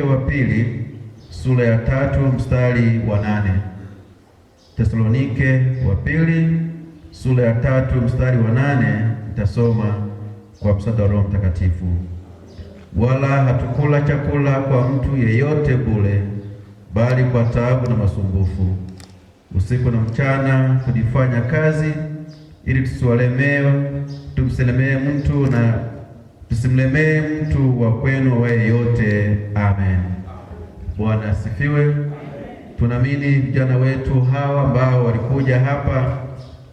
Wathesalonike wa pili sura ya tatu mstari wa nane. Thesalonike wa pili sura ya tatu mstari wa nane nitasoma kwa msaada wa Roho Mtakatifu. Wala hatukula chakula kwa mtu yeyote bure, bali kwa taabu na masumbufu, usiku na mchana kujifanya kazi, ili tusiwalemee tumselemee mtu na Tusimlemee mtu wa kwenu wewe yote. Amen. Bwana asifiwe. Tunaamini vijana wetu hawa ambao walikuja hapa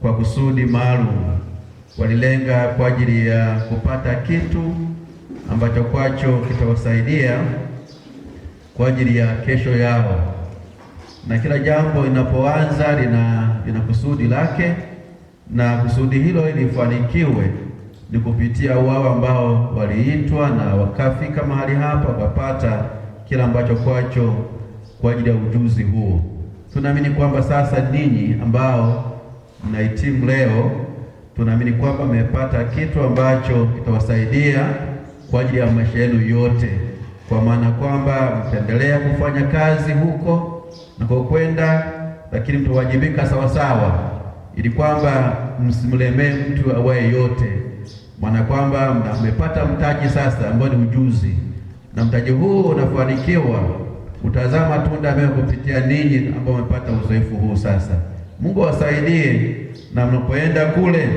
kwa kusudi maalum, walilenga kwa ajili ya kupata kitu ambacho kwacho kitawasaidia kwa ajili ya kesho yao, na kila jambo inapoanza lina, lina kusudi lake na kusudi hilo lifanikiwe ni kupitia wao ambao waliitwa na wakafika mahali hapa wakapata kila ambacho kwacho kwa ajili ya ujuzi huo. Tunaamini kwamba sasa ninyi ambao mnahitimu leo, tunaamini kwamba mmepata kitu ambacho kitawasaidia kwa ajili ya maisha yenu yote, kwa maana kwamba mtaendelea kufanya kazi huko mnakokwenda, lakini mtawajibika sawasawa, ili kwamba msimlemee mtu awaye yote mwana kwamba amepata mtaji sasa ambao ni ujuzi, na mtaji huu unafanikiwa utazama tunda ambayo kupitia ninyi ambao wamepata uzoefu huu sasa. Mungu awasaidie na mnapoenda kule,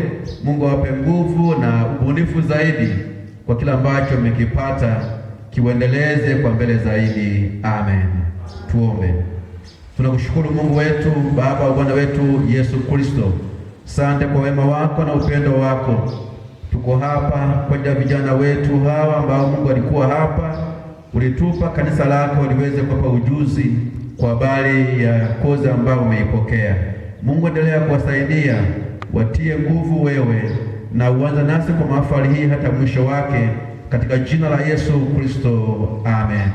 Mungu awape nguvu na ubunifu zaidi kwa kila ambacho mmekipata, kiuendeleze kwa mbele zaidi. Amen. Tuombe. Tunakushukuru Mungu wetu, Baba wa Bwana wetu Yesu Kristo, sante kwa wema wako na upendo wako Tuko hapa kwa ajili ya vijana wetu hawa ambao Mungu alikuwa hapa, ulitupa kanisa lako liweze kuwapa ujuzi kwa habari ya kozi ambayo umeipokea. Mungu endelea kuwasaidia, watie nguvu wewe na uanze nasi kwa mahafali hii hata mwisho wake, katika jina la Yesu Kristo, amen.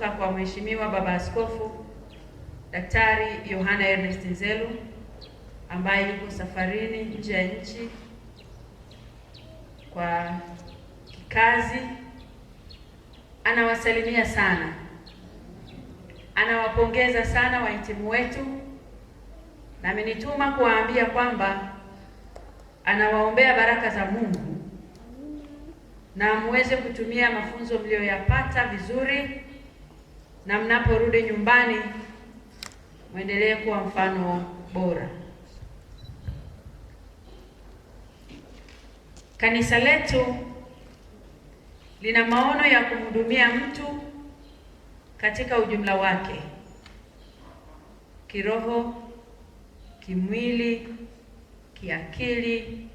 kutoka kwa Mheshimiwa Baba Askofu Daktari Yohana Ernest Nzelu ambaye yuko safarini nje ya nchi kwa kikazi, anawasalimia sana, anawapongeza sana wahitimu wetu, na amenituma kuwaambia kwamba anawaombea baraka za Mungu na muweze kutumia mafunzo mliyoyapata vizuri na mnaporudi nyumbani mwendelee kuwa mfano bora. Kanisa letu lina maono ya kumhudumia mtu katika ujumla wake, kiroho, kimwili, kiakili,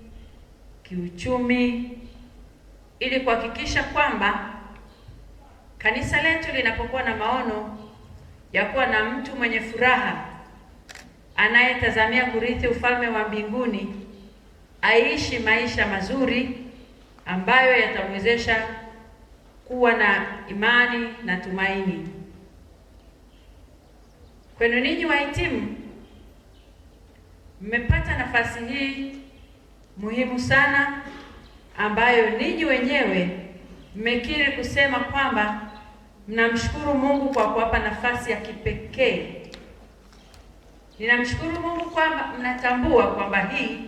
kiuchumi, ili kuhakikisha kwamba Kanisa letu linapokuwa na maono ya kuwa na mtu mwenye furaha anayetazamia kurithi ufalme wa mbinguni, aishi maisha mazuri ambayo yatamwezesha kuwa na imani na tumaini. Kwenu ninyi wahitimu, mmepata nafasi hii muhimu sana ambayo ninyi wenyewe mmekiri kusema kwamba Mnamshukuru Mungu kwa kuwapa nafasi ya kipekee. Ninamshukuru Mungu kwamba mnatambua kwamba hii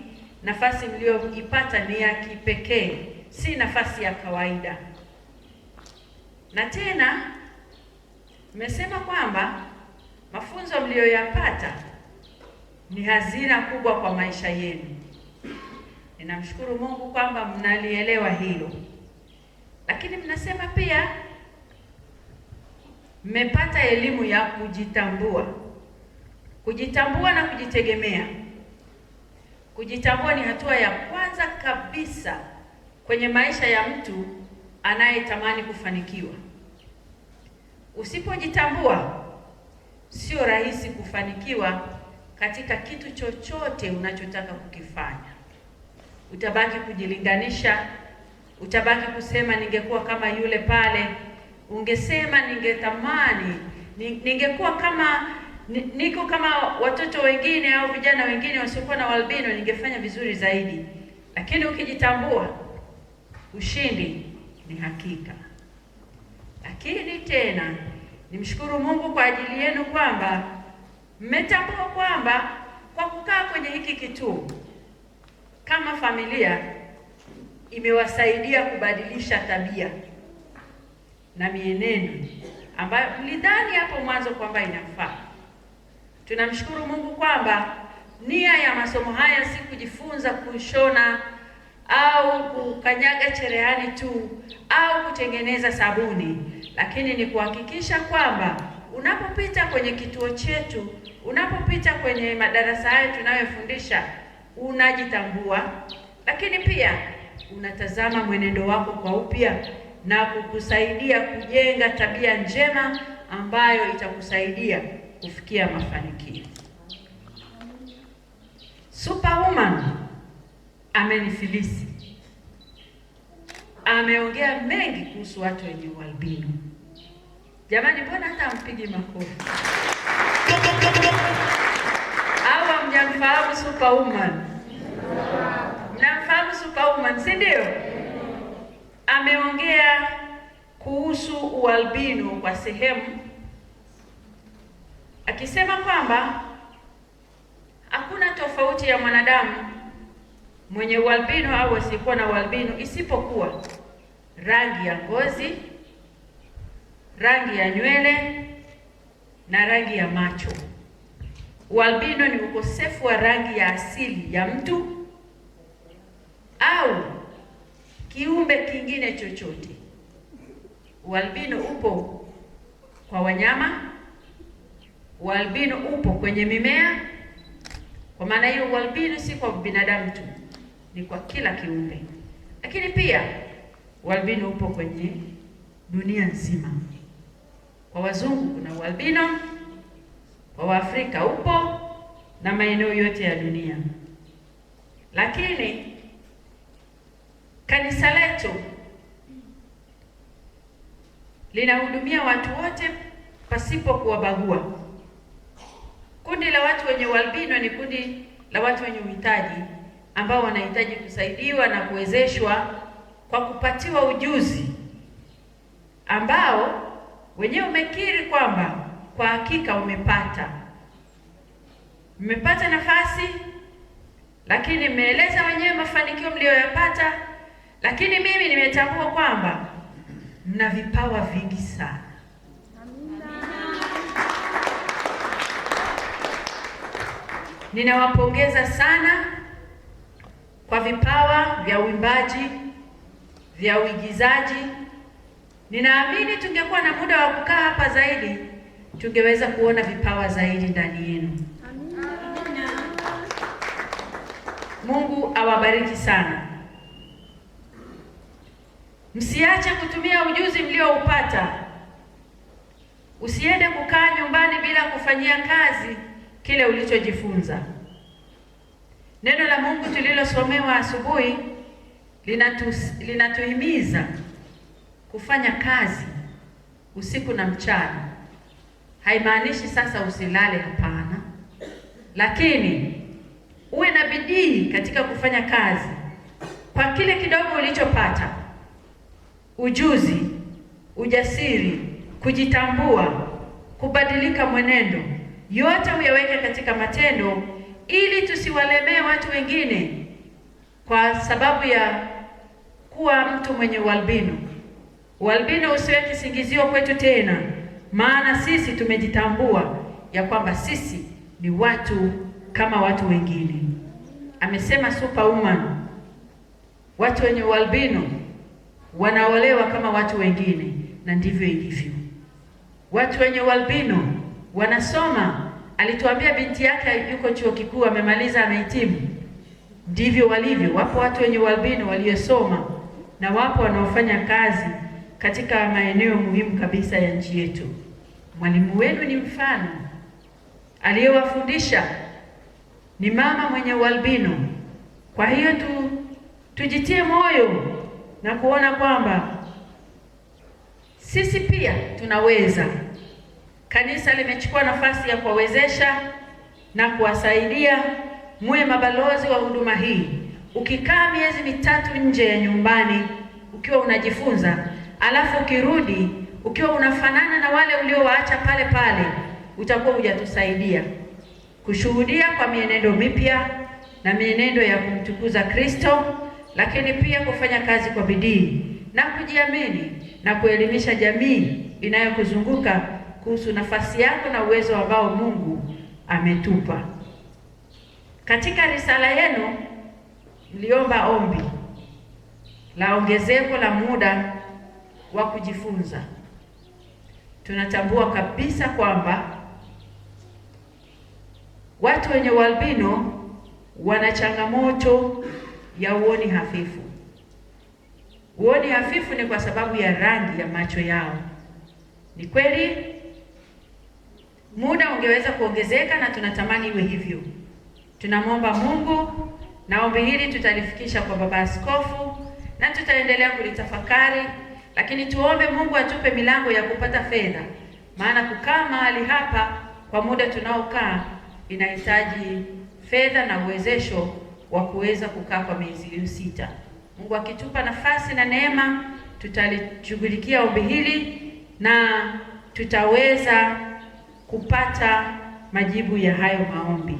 nafasi mliyoipata ni ya kipekee, si nafasi ya kawaida. Na tena mmesema kwamba mafunzo mliyoyapata ni hazina kubwa kwa maisha yenu. Ninamshukuru Mungu kwamba mnalielewa hilo, lakini mnasema pia mmepata elimu ya kujitambua. Kujitambua na kujitegemea. Kujitambua ni hatua ya kwanza kabisa kwenye maisha ya mtu anayetamani kufanikiwa. Usipojitambua, sio rahisi kufanikiwa katika kitu chochote unachotaka kukifanya. Utabaki kujilinganisha, utabaki kusema ningekuwa kama yule pale ungesema ningetamani ningekuwa kama niko kama watoto wengine au vijana wengine wasiokuwa na albino, ningefanya vizuri zaidi. Lakini ukijitambua, ushindi ni hakika. Lakini tena nimshukuru Mungu kwa ajili yenu kwamba mmetambua kwamba kwa kukaa kwenye hiki kituo kama familia imewasaidia kubadilisha tabia na mienendo ambayo mlidhani hapo mwanzo kwamba inafaa. Tunamshukuru Mungu kwamba nia ya masomo haya si kujifunza kushona au kukanyaga cherehani tu au kutengeneza sabuni, lakini ni kuhakikisha kwamba unapopita kwenye kituo chetu, unapopita kwenye madarasa haya tunayofundisha, unajitambua, lakini pia unatazama mwenendo wako kwa upya na kukusaidia kujenga tabia njema ambayo itakusaidia kufikia mafanikio. Superwoman amenifilisi, ameongea mengi kuhusu watu wenye ualbino. Jamani, mbona hata ampigi makofi au hamjamfahamu Superwoman? Mnamfahamu Superwoman, si ndio? ameongea kuhusu ualbino kwa sehemu, akisema kwamba hakuna tofauti ya mwanadamu mwenye ualbino au asiyekuwa na ualbino isipokuwa rangi ya ngozi, rangi ya nywele na rangi ya macho. Ualbino ni ukosefu wa rangi ya asili ya mtu au kiumbe kingine chochote. Ualbino upo kwa wanyama, ualbino upo kwenye mimea. Kwa maana hiyo, ualbino si kwa binadamu tu, ni kwa kila kiumbe. Lakini pia ualbino upo kwenye dunia nzima. Kwa wazungu kuna ualbino, kwa Waafrika upo na maeneo yote ya dunia, lakini Kanisa letu linahudumia watu wote pasipo kuwabagua. Kundi la watu wenye ualbino ni kundi la watu wenye uhitaji ambao wanahitaji kusaidiwa na kuwezeshwa kwa kupatiwa ujuzi ambao wenyewe umekiri kwamba kwa hakika umepata mmepata nafasi, lakini mmeeleza wenyewe mafanikio mliyoyapata lakini mimi nimetambua kwamba mna vipawa vingi sana. Ninawapongeza sana kwa vipawa vya uimbaji, vya uigizaji. Ninaamini tungekuwa na muda wa kukaa hapa zaidi, tungeweza kuona vipawa zaidi ndani yenu. Mungu awabariki sana. Msiache kutumia ujuzi mlioupata. Usiende kukaa nyumbani bila kufanyia kazi kile ulichojifunza. Neno la Mungu tulilosomewa asubuhi linatu, linatuhimiza kufanya kazi usiku na mchana. Haimaanishi sasa usilale, hapana, lakini uwe na bidii katika kufanya kazi kwa kile kidogo ulichopata ujuzi, ujasiri, kujitambua, kubadilika mwenendo, yote uyaweke katika matendo ili tusiwalemee watu wengine kwa sababu ya kuwa mtu mwenye ualbino. Ualbino usiwe kisingizio kwetu tena, maana sisi tumejitambua ya kwamba sisi ni watu kama watu wengine. Amesema superwoman, watu wenye ualbino wanaolewa kama watu wengine, na ndivyo ilivyo. Watu wenye ualbino wanasoma. Alituambia binti yake yuko chuo kikuu, amemaliza, amehitimu. Ndivyo walivyo, wapo watu wenye ualbino waliosoma na wapo wanaofanya kazi katika maeneo muhimu kabisa ya nchi yetu. Mwalimu wenu ni mfano, aliyewafundisha ni mama mwenye ualbino. Kwa hiyo tu tujitie moyo na kuona kwamba sisi pia tunaweza. Kanisa limechukua nafasi ya kuwawezesha na kuwasaidia muwe mabalozi wa huduma hii. Ukikaa miezi mitatu nje ya nyumbani ukiwa unajifunza, alafu ukirudi ukiwa unafanana na wale uliowaacha pale pale, utakuwa hujatusaidia kushuhudia kwa mienendo mipya na mienendo ya kumtukuza Kristo lakini pia kufanya kazi kwa bidii na kujiamini na kuelimisha jamii inayokuzunguka kuhusu nafasi yako na uwezo ambao Mungu ametupa. Katika risala yenu mliomba ombi la ongezeko la muda wa kujifunza. Tunatambua kabisa kwamba watu wenye ualbino wana changamoto ya uoni hafifu. Uoni hafifu ni kwa sababu ya rangi ya macho yao. Ni kweli muda ungeweza kuongezeka, na tunatamani iwe hivyo. Tunamwomba Mungu na ombi hili tutalifikisha kwa baba askofu na tutaendelea kulitafakari, lakini tuombe Mungu atupe milango ya kupata fedha, maana kukaa mahali hapa kwa muda tunaokaa inahitaji fedha na uwezesho wa kuweza kukaa kwa miezi hiyo sita. Mungu akitupa nafasi na neema, tutalishughulikia ombi hili na tutaweza kupata majibu ya hayo maombi.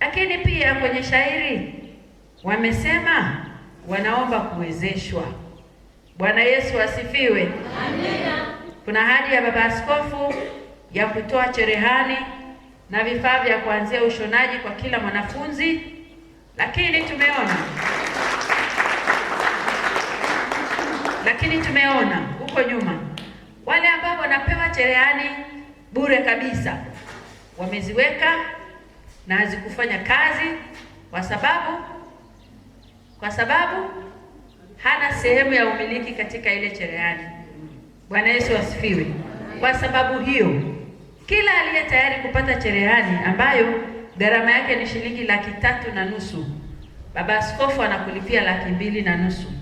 Lakini pia kwenye shairi wamesema wanaomba kuwezeshwa. Bwana Yesu asifiwe, amina. Kuna hadi ya Baba Askofu ya kutoa cherehani na vifaa vya kuanzia ushonaji kwa kila mwanafunzi lakini tumeona lakini tumeona huko nyuma wale ambao wanapewa cherehani bure kabisa wameziweka na hazikufanya kazi kwa sababu kwa sababu hana sehemu ya umiliki katika ile cherehani. Bwana Yesu asifiwe. Kwa sababu hiyo, kila aliye tayari kupata cherehani ambayo gharama yake ni shilingi laki tatu na nusu. Baba askofu anakulipia laki mbili na nusu.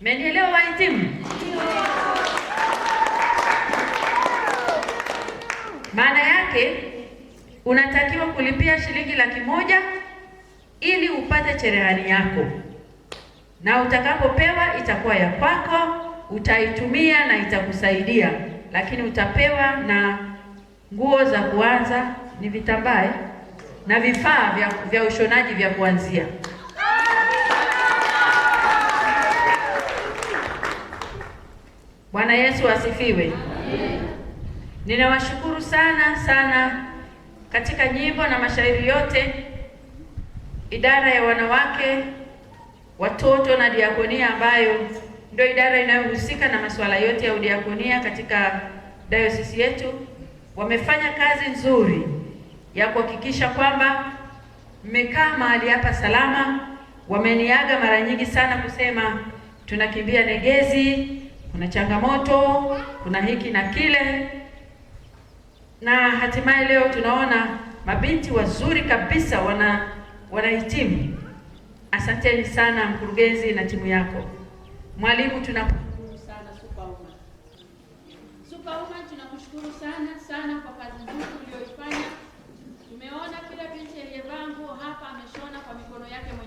Mmenielewa wahitimu? Maana yake unatakiwa kulipia shilingi laki moja ili upate cherehani yako, na utakapopewa itakuwa ya kwako, utaitumia na itakusaidia, lakini utapewa na nguo za kuanza ni vitambae eh? na vifaa vya, vya ushonaji vya kuanzia. Bwana Yesu asifiwe. Ninawashukuru sana sana katika nyimbo na mashairi yote idara ya wanawake, watoto na diakonia ambayo ndio idara inayohusika na masuala yote ya udiakonia katika dayosisi yetu wamefanya kazi nzuri ya kuhakikisha kwamba mmekaa mahali hapa salama. Wameniaga mara nyingi sana kusema tunakimbia Negezi, kuna changamoto, kuna hiki na kile, na hatimaye leo tunaona mabinti wazuri kabisa wana wanahitimu. Asanteni sana mkurugenzi na timu yako. Mwalimu, tunakushukuru sana Superwoman. Superwoman, tunakushukuru sana sana kwa kazi nzuri uliyoifanya. Nimeona kila binti aliyevaa nguo hapa ameshona kwa mikono yake mwenyewe.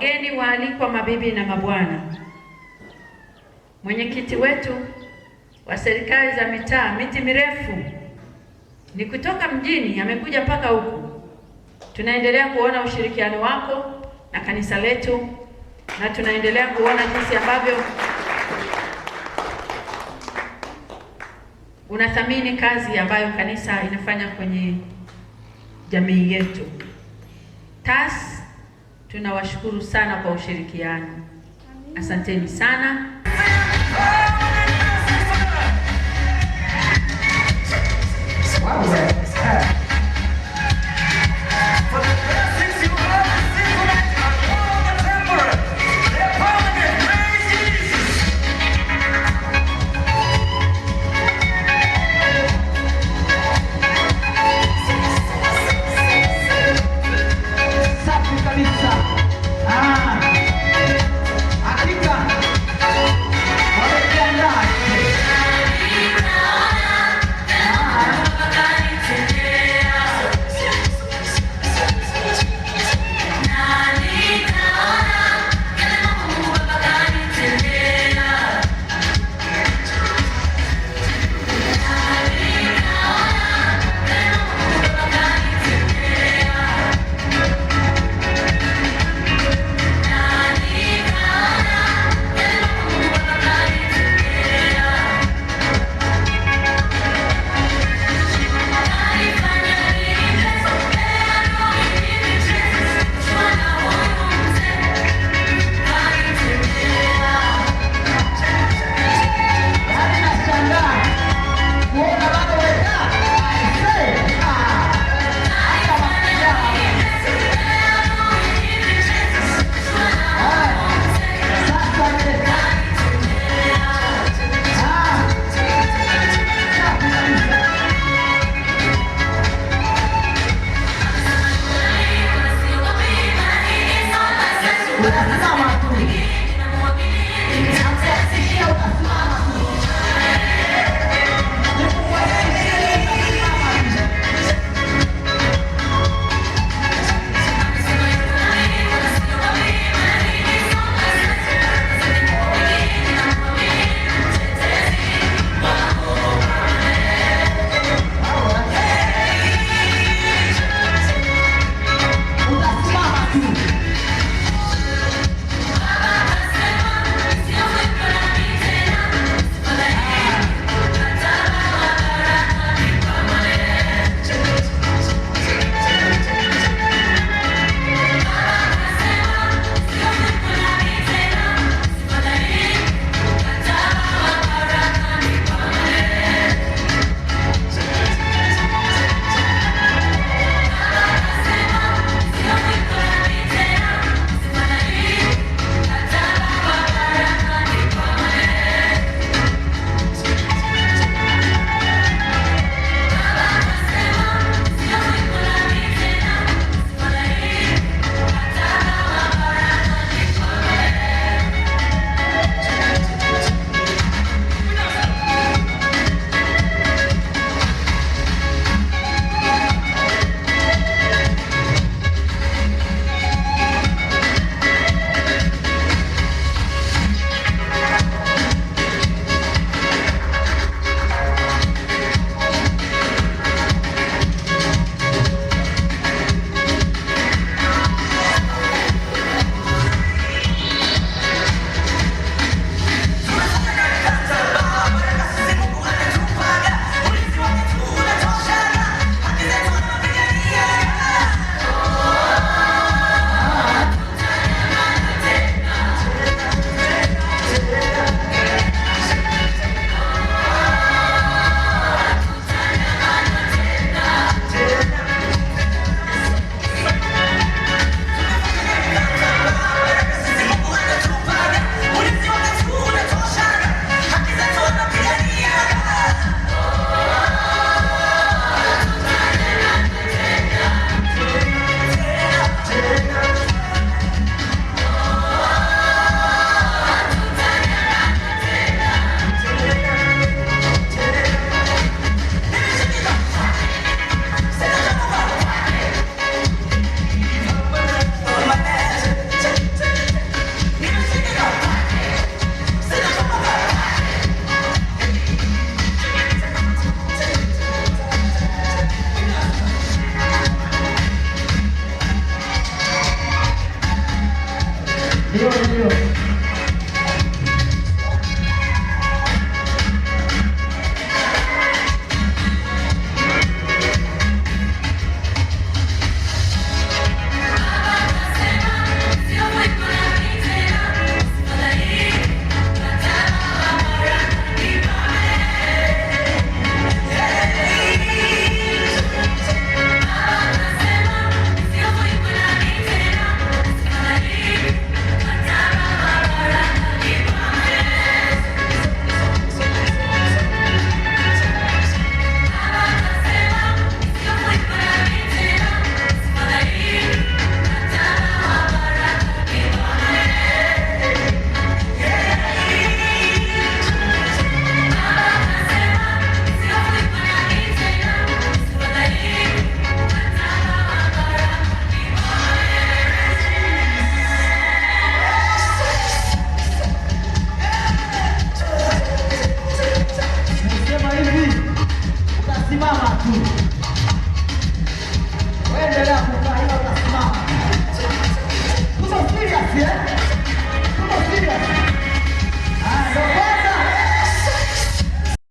Wageni waalikwa, mabibi na mabwana, mwenyekiti wetu wa serikali za mitaa, miti mirefu ni kutoka mjini amekuja mpaka huku. Tunaendelea kuona ushirikiano wako na kanisa letu, na tunaendelea kuona jinsi ambavyo unathamini kazi ambayo kanisa inafanya kwenye jamii yetu TAS Tunawashukuru sana kwa ushirikiano, asanteni sana.